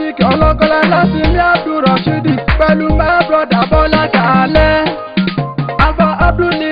Taofik ọlọ́gọ́lá láti ní abdulrasheed pẹ̀lú my brother bọ́lá kalẹ̀ afa abdul ní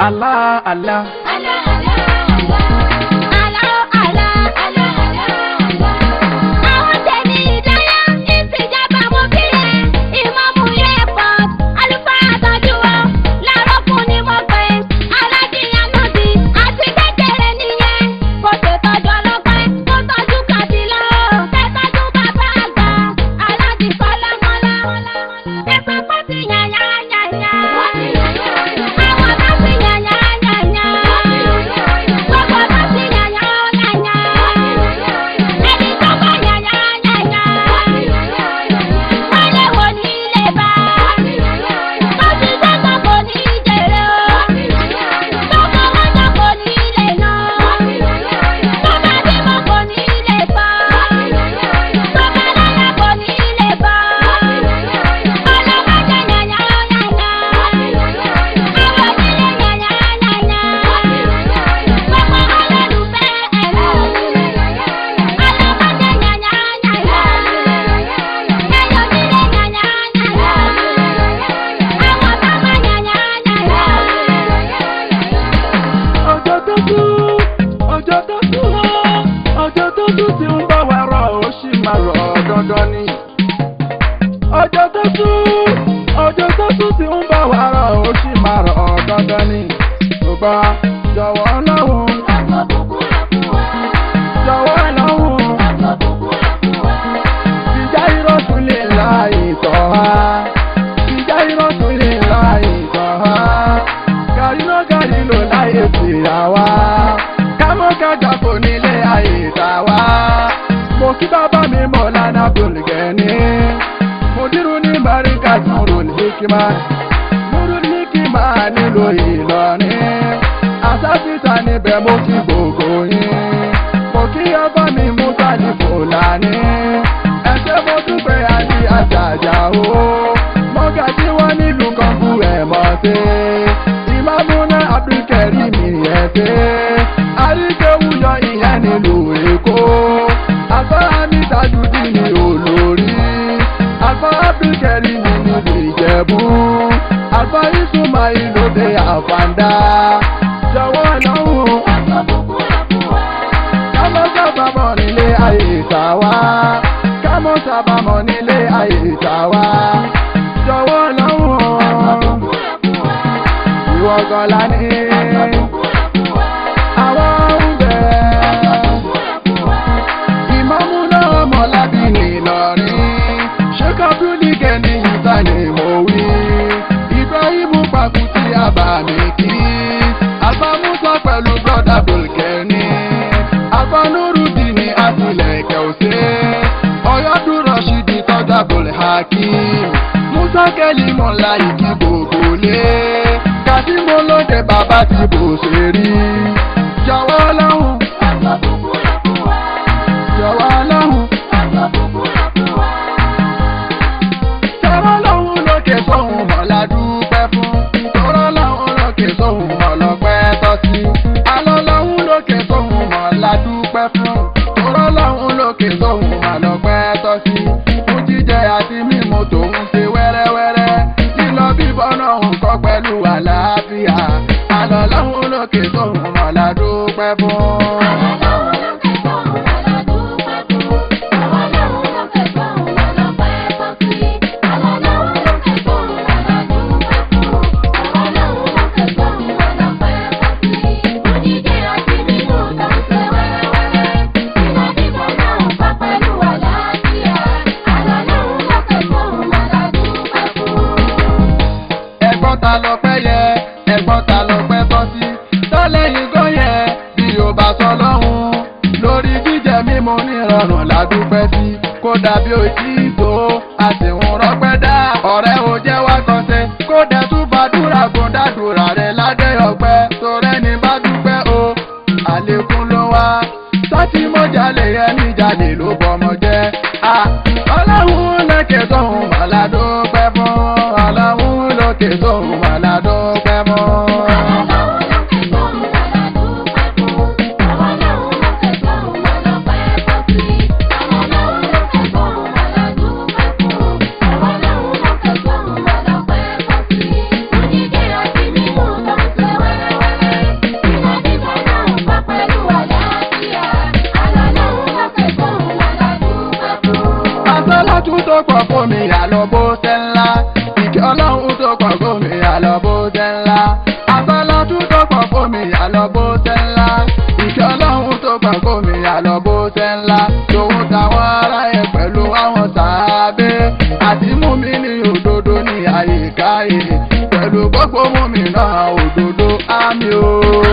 Allah, Allah. ọba jọ̀wọ́ lọ́wọ́. Àgbọ̀ bùkún lọ fún wa. Jọ̀wọ́ lọ́wọ́. Àgbọ̀ bùkún lọ fún wa. Ìjà irọ́ tún lè la ìtọ́ ha. Ìjà irọ́ tún lè la ìtọ́ ha. Gàrí náà gàrí lò láyé tìra wa. Kámọ́ kájà kò nílé ayé ìta wa. Mo kí bàbá mi mọ̀ lánàá bòlùgẹ́ ní. Mo dírú ní Bàríkà Jùmọ̀rò ní Hikimá máa nílò Ìlọrin àsáfíìsà níbẹ̀ mo ti gbogbo yín mo kí ọba mi mú tani Fòlàní ẹsẹ̀ mo dúpẹ́ àti àjàjà o mọ́gà tí wọ́n nílùú kan fún ẹ̀ mọ́ sí ìmáàmúná Abdulkari mi ẹ̀ sí àríkèwúyọ ìyẹn nílùú Èkó àfáà mi Tajudeen ni olórí àfáà Abdulkari. kábàámọ̀ nílé ayé ìjà wa. jọ̀wọ́ lọ́wọ́ ìwọ gan la ní. àwọn ń bẹ̀rẹ̀ lábí nìlọrin ṣé kábílì mákẹ́lì mọ̀lá ìdìbò kò lé kàdí mo lóde bàbá tí bò ṣe rí. mímú nírọ̀rùn ládùúpẹ́ sí kódà bí ó ti tó àtìwọ̀n rọ́pẹ́ dá ọ̀rẹ́ ò jẹ́ wá kọsẹ̀ kódà tún gbàdúrà kó dàdúrà rẹ̀ ládẹ́ ọ̀pẹ́ torẹ́ ni bá dúpẹ́ o àlékún ló wá sátì mọ́jàlè yẹn níjàlè ló bọ́mọ jẹ́ a ọlọ́run lókè tóun wà ládùúpẹ́ fún ọlọ́run lókè tóun wà ládùúpẹ́. Ṣàngó mi àlọ́bó tẹ́ ńlá lówó táwọn aráyẹ pẹ̀lú àwọn sàábẹ́ àti mú mi ní òdodo ní àyíká yìí pẹ̀lú gbogbo mú mi náà òdodo àmì o.